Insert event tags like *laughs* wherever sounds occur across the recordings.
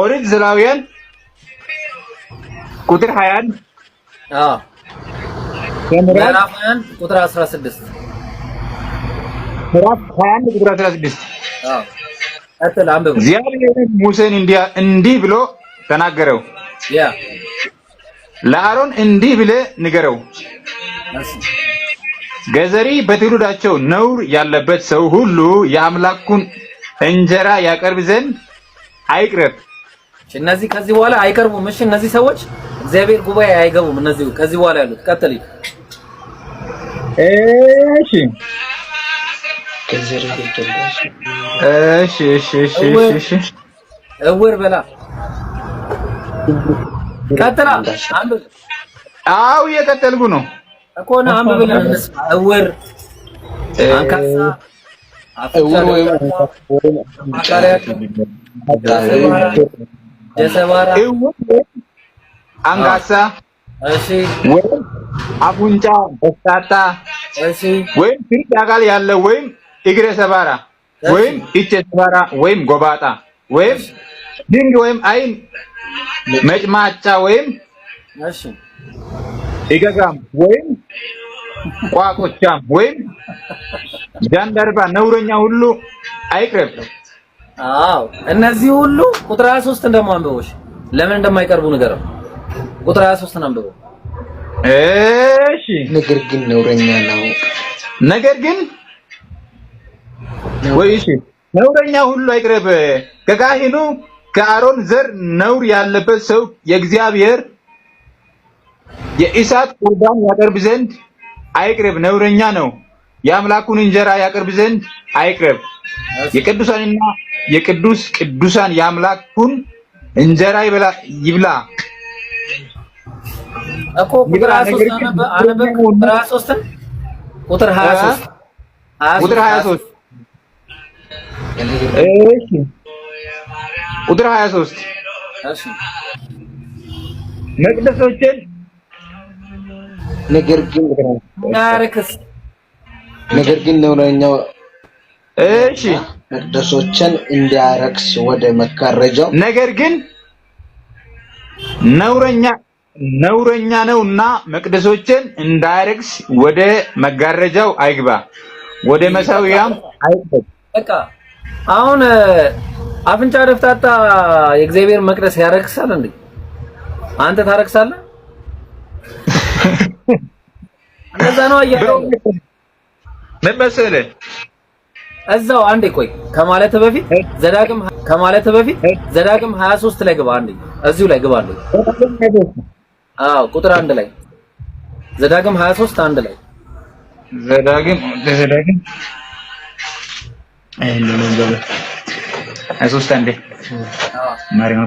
ኦሪት ዘሌዋውያን ቁጥር 21 አዎ ምዕራፍ ቁጥር 16 ምዕራፍ 21 ቁጥር 16 አዎ አጥተላ አንብብ። እግዚአብሔር ሙሴን እንዲያ እንዲህ ብሎ ተናገረው። ያ ለአሮን እንዲህ ብለ ንገረው ገዘሪ በትውልዳቸው ነውር ያለበት ሰው ሁሉ የአምላኩን እንጀራ ያቀርብ ዘንድ አይቅረብ እነዚህ ከዚህ በኋላ አይቀርቡም። እሺ እነዚህ ሰዎች እግዚአብሔር ጉባኤ አይገቡም። እነዚህ ከዚህ በኋላ ያሉት ቀጥል። እሺ እሺ እሺ እሺ እውር በላ ቀጥላ። አንብብ። አው እየቀጠልኩ ነው እኮ ነው። አንብብ ብለህ እንስማ። እውር አንካሳ አፍቃሪ ደሰማራ አንጋሳ እሺ፣ ወይም አፉንጫ በስታታ እሺ፣ ወይም ትርቅ አካል ያለ ወይም እግረ ሰባራ ወይም እጀ ሰባራ ወይም ጎባጣ ወይም ድንግ ወይም አይን መጭማጫ ወይም እሺ፣ እገጋም ወይም ቋቁቻም ወይም ጃንደርባ ነውረኛ ሁሉ አይቅረብ። አዎ እነዚህ ሁሉ ቁጥር 23 እንደማ እንደማንበቦሽ ለምን እንደማይቀርቡ ነገር ነው። ቁጥር 23 አንብበው። እሺ ነገር ግን ነውረኛ ነው። ነገር ግን ወይ እሺ ነውረኛ ሁሉ አይቅረብ። ከካህኑ ከአሮን ዘር ነውር ያለበት ሰው የእግዚአብሔር የእሳት ቁርባን ያቀርብ ዘንድ አይቅረብ። ነውረኛ ነው። የአምላኩን እንጀራ ያቀርብ ዘንድ አይቅረብ። የቅዱሳንና የቅዱስ ቅዱሳን የአምላኩን እንጀራ ይብላ ይብላ እኮ ቁጥር 23 ቁጥር 23 ቁጥር 23 መቅደሶችን ነገር ግን ነገር ግን ነው ለኛው እሺ መቅደሶችን እንዲያረክስ ወደ መጋረጃው ነገር ግን ነውረኛ ነውረኛ ነውና መቅደሶችን እንዳያረክስ ወደ መጋረጃው አይግባ፣ ወደ መሠዊያም አይግባ። በቃ አሁን አፍንጫ ደፍታታ የእግዚአብሔር መቅደስ ያረክሳል እንዴ? አንተ ታረክሳለህ? *laughs* እንደዛ ነው አያለው ምን መሰለህ እዛው አንዴ ቆይ ከማለት በፊት ዘዳግም ከማለት በፊት ዘዳግም 23 ላይ ግባ። አንዴ እዚሁ ላይ ግባ። አንዴ አዎ፣ ቁጥር አንድ ላይ ዘዳግም 23 አንድ ላይ ዘዳግም ዘዳግም አይ ነው ነው 23 ማሪ ነው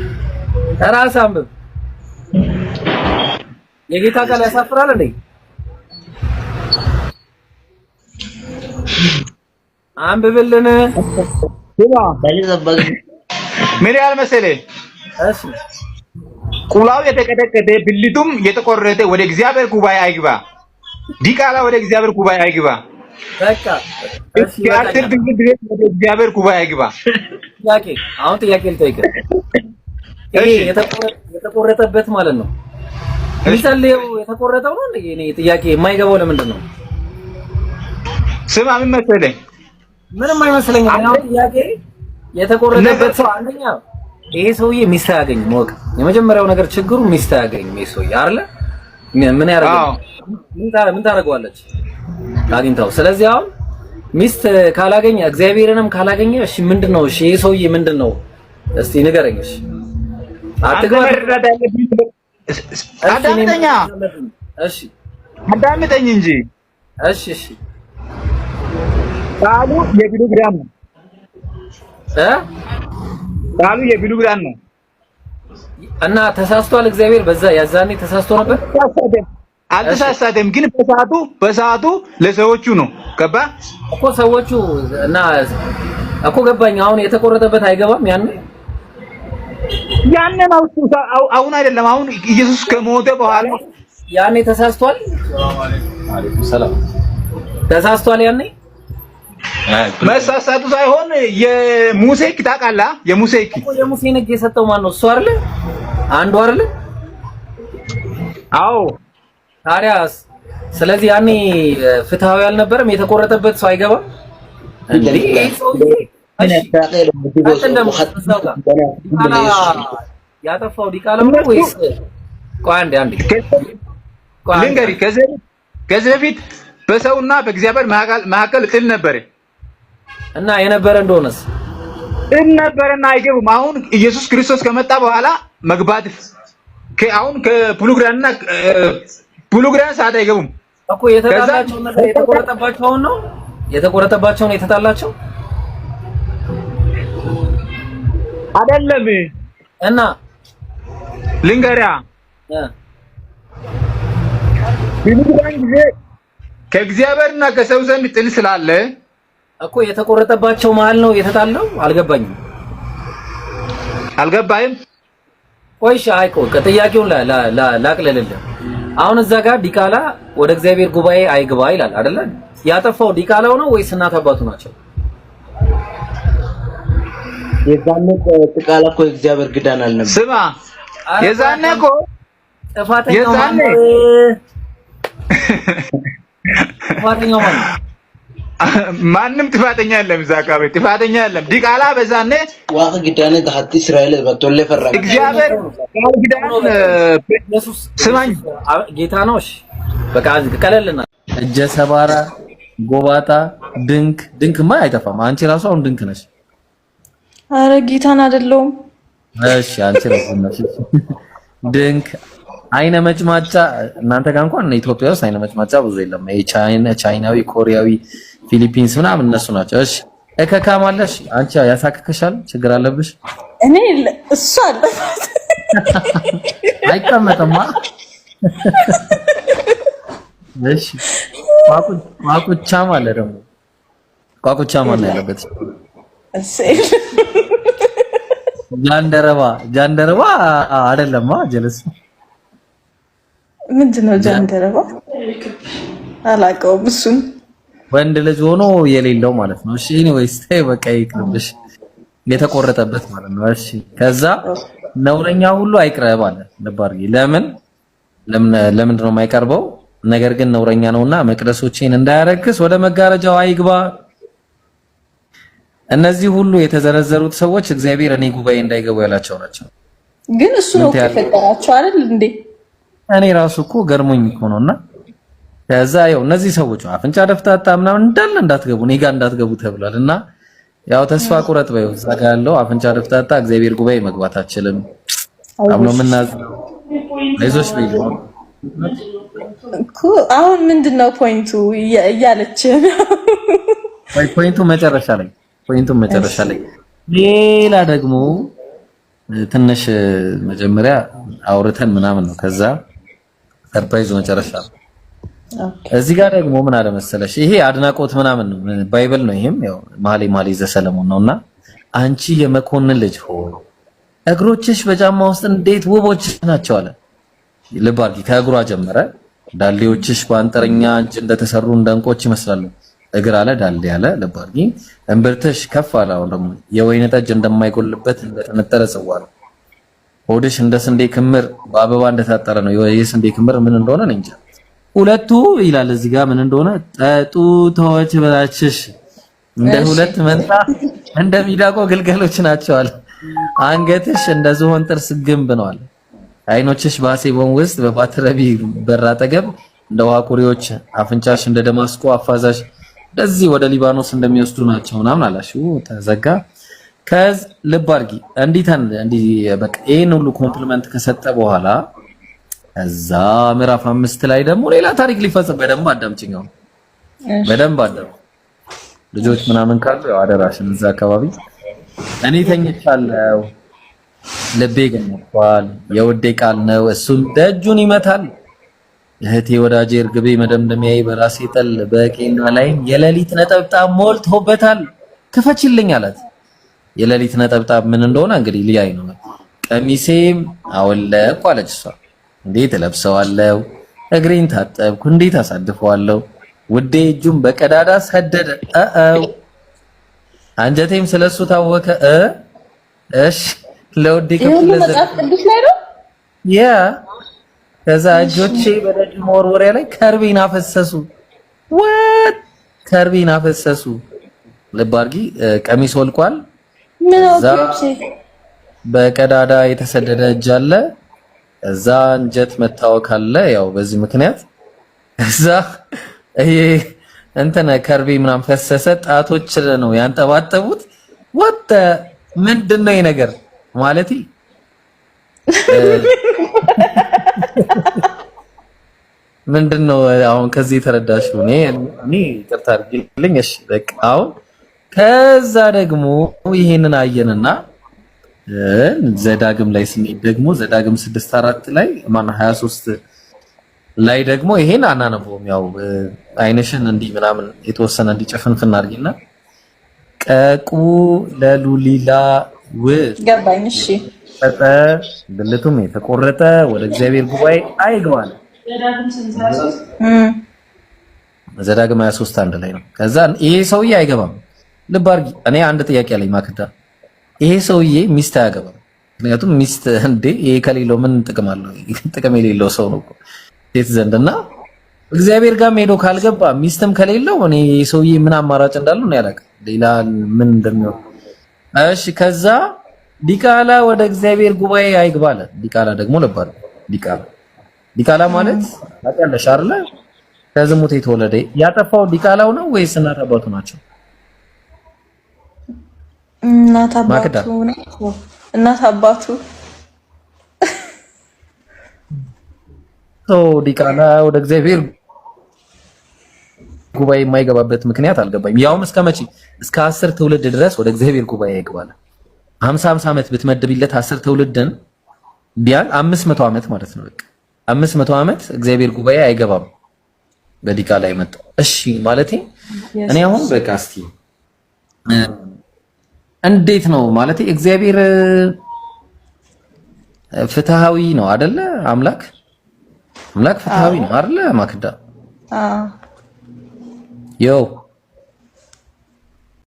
ራስ አንብብ። የጌታ ቃል ያሳፍራል እንዴ? አንብብልን። ምን ያህል መሰለህ? እሺ ቁላው የተቀጠቀጠ ብልቱም የተቆረጠ ወደ እግዚአብሔር ጉባኤ አይግባ። ዲቃላ ወደ እግዚአብሔር ጉባኤ አይግባ። በቃ እስኪ አትር ድንግል ድረስ ወደ እግዚአብሔር ጉባኤ አይግባ። ጥያቄ አሁን ጥያቄ ልጠይቅህ የተቆረጠበት ማለት ነው። የሚጸልየው የተቆረጠው ነው። እኔ ጥያቄ የማይገባው ለምንድን ነው? ስማ ምን መሰለኝ፣ ምንም አይመስለኝም። ጥያቄ የተቆረጠበት ሰው አንደኛ ይሄ ሰውዬ ሚስት አያገኝም። ወቅ የመጀመሪያው ነገር ችግሩ ሚስት አያገኝም። ይሄ ሰውዬ አይደለ ምን ያደርጋል? ምን ታደርገዋለች አግኝታው። ስለዚህ አሁን ሚስት ካላገኘ እግዚአብሔርንም ካላገኘ እሺ፣ ምንድን ነው እሺ፣ ይሄ ሰውዬ ምንድን ነው? እስቲ ንገረኝ እሺ አዳምጠኛ አዳምጠኝ እንጂ ቃሉ የብሉ ኪዳን ነው። ቃሉ የብሉ ኪዳን ነው እና ተሳስቷል። እግዚአብሔር በዛ ያዛኔ ተሳስቶ ነበር። አልተሳሳተም፣ ግን በሰዓቱ በሰዓቱ ለሰዎቹ ነው። ገባ እኮ ሰዎቹ እና እኮ ገባኝ። አሁን የተቆረጠበት አይገባም ያንን ያንን አሁን አይደለም አሁን ኢየሱስ ከሞተ በኋላ ያኔ ተሳስቷል፣ ተሳስቷል። ያኔ መሳሳቱ ሳይሆን የሙሴ ሕግ ታውቃለህ? የሙሴ ሕግ የሙሴን ሕግ የሰጠው ማን ነው? እሱ አይደለ? አንዱ አይደለ? አዎ። ታዲያ ስለዚህ ያኔ ፍትሃዊ አልነበረም። የተቆረጠበት ሰው አይገባም እንዴ? ያጠፋው ዲቃላ ወይስ? ቆይ አንዴ አንዴ ልንገሪ። ከዚህ በፊት በሰውና በእግዚአብሔር መካከል ጥል ነበረ እና የነበረ እንደሆነስ ጥል ነበረና አይገቡም። አሁን ኢየሱስ ክርስቶስ ከመጣ በኋላ መግባት አሁን ከፕሉግራንና ፕሉግራን ሰዓት አይገቡም እኮ የተጣላቸው የተቆረጠባቸው ነው የተቆረጠባቸው ነው የተጣላቸው አይደለም እና ልንገሪያ ቢሉባን ጊዜ ከእግዚአብሔርና ከሰው ዘንድ ጥል ስላለ እኮ የተቆረጠባቸው መሀል ነው የተጣለው። አልገባኝም። አልገባይም? ቆይ እሺ፣ አይ ቆይ አሁን እዛ ጋር ዲቃላ ወደ እግዚአብሔር ጉባኤ አይግባ ይላል አይደለ? ያጠፋው ዲቃላው ነው ወይስ እናት አባቱ ናቸው? የዛኔ ጥቃላ እኮ የእግዚአብሔር ግዳን አልነበረ። ስማ የዛኔ እኮ ጥፋተኛው ማንም ጥፋተኛ የለም። እዛ አካባቢ ጥፋተኛ የለም። ዲቃላ በዛኔ ዋቅ ግዳን ተሐቲ እስራኤል በቶለ ፈራ እግዚአብሔር ቃል ግዳን ስማኝ ጌታ ነው። እሺ በቃ ቀለልና እጀ ሰባራ ጎባጣ ድንክ ድንክማ አይጠፋም። አንቺ ራሱ አሁን ድንክ ነሽ። አረ ጌታን አይደለሁም። እሺ አንቺ ድንክ አይነ መጭማጫ እናንተ ጋር እንኳን ኢትዮጵያ ውስጥ አይነ መጭማጫ ብዙ የለም። የቻይና ቻይናዊ፣ ኮሪያዊ፣ ፊሊፒንስ ምናምን እነሱ ናቸው። እሺ እከካ ማለሽ አንቺ ያሳክክሻል። ችግር አለብሽ? እኔ እሱ አለ አይቀመጥማ። እሺ ቋቁቻ ማለት ደግሞ ቋቁቻ ማን ያለበት እሺ ጃንደረባ ጃንደረባ አይደለማ። ጀለስ ምንድን ነው ጃንደረባ? አላውቀውም። እሱን ወንድ ልጅ ሆኖ የሌለው ማለት ነው። እሺ ኤኒዌይስ፣ ተይ በቃ ይቅርብሽ፣ የተቆረጠበት ማለት ነው። እሺ ከዛ ነውረኛ ሁሉ አይቅረብ አለ ነበር። ለምን ለምንድን ነው የማይቀርበው? ነገር ግን ነውረኛ ነውና መቅደሶቼን እንዳያረክስ ወደ መጋረጃው አይግባ እነዚህ ሁሉ የተዘረዘሩት ሰዎች እግዚአብሔር እኔ ጉባኤ እንዳይገቡ ያላቸው ናቸው። ግን እሱ ነው የፈጠራቸው አይደል እንዴ? እኔ ራሱ እኮ ገርሞኝ እኮ ነውና ከዛ ያው እነዚህ ሰዎች አፍንጫ ደፍታታ ምናምን እንዳለ እንዳትገቡ እኔ ጋር እንዳትገቡ ተብሏል። እና ያው ተስፋ ቁረጥ በይ እዛ ጋር ያለው አፍንጫ ደፍታታ እግዚአብሔር ጉባኤ መግባት አችልም አምኖ የምናዝነው ለይዞች ቢል እኮ አሁን ምንድነው ፖይንቱ እያለች ነው ወይ ፖይንቱ መጨረሻ ላይ ፖይንቱን መጨረሻ ላይ ሌላ ደግሞ ትንሽ መጀመሪያ አውርተን ምናምን ነው፣ ከዛ ሰርፕራይዝ መጨረሻ ነው። እዚህ ጋር ደግሞ ምን አለ መሰለሽ፣ ይሄ አድናቆት ምናምን ባይብል ነው። ይሄም ያው መኃልየ መኃልይ ዘሰሎሞን ነውና አንቺ የመኮንን ልጅ ሆ እግሮችሽ በጫማ ውስጥ እንዴት ውቦች ናቸው አለ። ልብ አድርጊ። ከእግሯ ጀመረ። ዳሌዎችሽ በአንጥረኛ እጅ እንደተሰሩ እንደ ይመስላሉ። እግር አለ ዳል ያለ ለባርጊ እንብርተሽ ከፍ አለ። አሁን ደግሞ የወይን ጠጅ እንደማይጎልበት እንደተነጠረ ጽዋ ነው። ሆድሽ እንደ ስንዴ ክምር በአበባ እንደታጠረ ነው። የስንዴ ክምር ምን እንደሆነ ነው እንጂ ሁለቱ ይላል እዚህ ጋር ምን እንደሆነ ጡቶች በታችሽ እንደ ሁለት መንታ እንደ ሚዳቆ ግልገሎች ናቸው አለ። አንገትሽ እንደ ዝሆን ጥርስ ግንብ ነው አለ። አይኖችሽ በሐሴቦን ውስጥ በባትረቢ በር አጠገብ እንደ ውሃ አፍንጫሽ እንደ ደማስቆ አፋዛሽ እንደዚህ ወደ ሊባኖስ እንደሚወስዱ ናቸው ምናምን አላችሁ። ተዘጋ። ከዝ ልብ አድርጊ እንዲህ እንዲህ በቃ ይሄን ሁሉ ኮምፕሊመንት ከሰጠ በኋላ እዛ ምዕራፍ አምስት ላይ ደግሞ ሌላ ታሪክ ሊፈጽም በደንብ አዳምጪኝ። አሁን በደንብ አዳምጪኝ። ልጆች ምናምን ካሉ ያው አደራሽን እዛ አካባቢ እኔ ተኝቻለሁ፣ ልቤ ገነኳል፣ የውዴ ቃል ነው እሱም ደጁን ይመታል እህቴ ወዳጄ እርግቤ መደምደሚያዬ በራሴ ጠል በቄና ላይም የሌሊት ነጠብጣብ ሞልቶበታል ክፈችልኝ አላት። የሌሊት ነጠብጣብ ምን እንደሆነ እንግዲህ ሊያይ ነው። ቀሚሴም አወለቅኩ አለች እሷ። እንዴት እለብሰዋለሁ? እግሬን ታጠብኩ፣ እንዴት አሳድፈዋለሁ? ውዴ እጁን በቀዳዳ ሰደደ። አው አንጀቴም ስለሱ ታወከ። እሺ ለውዴ ከፍለ ዘ ያ ከዛ እጆቼ በደጅ መወርወሪያ ላይ ከርቤን አፈሰሱ። ወት ከርቤን አፈሰሱ። ልብ አድርጊ፣ ቀሚስ ወልቋል። በቀዳዳ የተሰደደ እጅ አለ። እዛ እንጀት መታወክ አለ። ያው በዚህ ምክንያት እዛ ይሄ እንትን ከርቤ ምናምን ፈሰሰ። ጣቶች ነው ያንጠባጠቡት። ወጥ ምንድን ነው ይሄ ነገር ማለት *laughs* ምንድን ነው አሁን ከዚህ የተረዳሽው? እኔ እኔ ይቅርታ አድርጊልኝ። እሺ በቃ አሁን ከዛ ደግሞ ይሄንን አየንና ዘዳግም ላይ ስንሄድ ደግሞ ዘዳግም 6 4 ላይ ማን 23 ላይ ደግሞ ይሄን አናነበውም። ያው አይንሽን እንዲህ ምናምን የተወሰነ እንዲጨፍንፍን አድርጊና ቀቁ ለሉሊላ ው ገባኝ። እሺ የተቆረጠ ብልቱም የተቆረጠ ወደ እግዚአብሔር ጉባኤ አይገባል። ዘዳግም 23 አንድ ላይ ነው። ከዛ ይሄ ሰውዬ አይገባም። ልብ አድርጊ። እኔ አንድ ጥያቄ አለኝ ማክዳ፣ ይሄ ሰውዬ ሚስት አያገባም። ምክንያቱም ሚስት እንዴ ይሄ ከሌለው ምን ጥቅም አለው? ጥቅም የሌለው ሰው ነው ሴት ዘንድና እግዚአብሔር ጋር ሄዶ ካልገባ ሚስትም ከሌለው እኔ ይሄ ሰውዬ ምን አማራጭ እንዳለው ነው ያላቀ ሌላ ምን እንደሚሆን እሺ ከዛ ዲቃላ ወደ እግዚአብሔር ጉባኤ አይግባለ። ዲቃላ ደግሞ ነበር። ዲቃላ ዲቃላ ማለት ታውቂያለሽ አይደለ? ከዝሙት የተወለደ ያጠፋው ዲቃላው ነው ወይስ እናት አባቱ ናቸው? እናት አባቱ ነው። እናት አባቱ ኦ ዲቃላ ወደ እግዚአብሔር ጉባኤ የማይገባበት ምክንያት አልገባኝም። ያውም እስከ መቼ? እስከ አስር ትውልድ ድረስ ወደ እግዚአብሔር ጉባኤ አይግባለ። ሀምሳ ሀምሳ ዓመት ብትመድብለት አስር ትውልድን ቢያል አምስት መቶ ዓመት ማለት ነው። በቃ አምስት መቶ ዓመት እግዚአብሔር ጉባኤ አይገባም በዲቃ ላይ መጣው። እሺ ማለት እኔ አሁን በቃ እስቲ እንዴት ነው ማለት እግዚአብሔር ፍትሃዊ ነው አደለ አምላክ አምላክ ፍትሃዊ ነው አደለ ማክዳ አዎ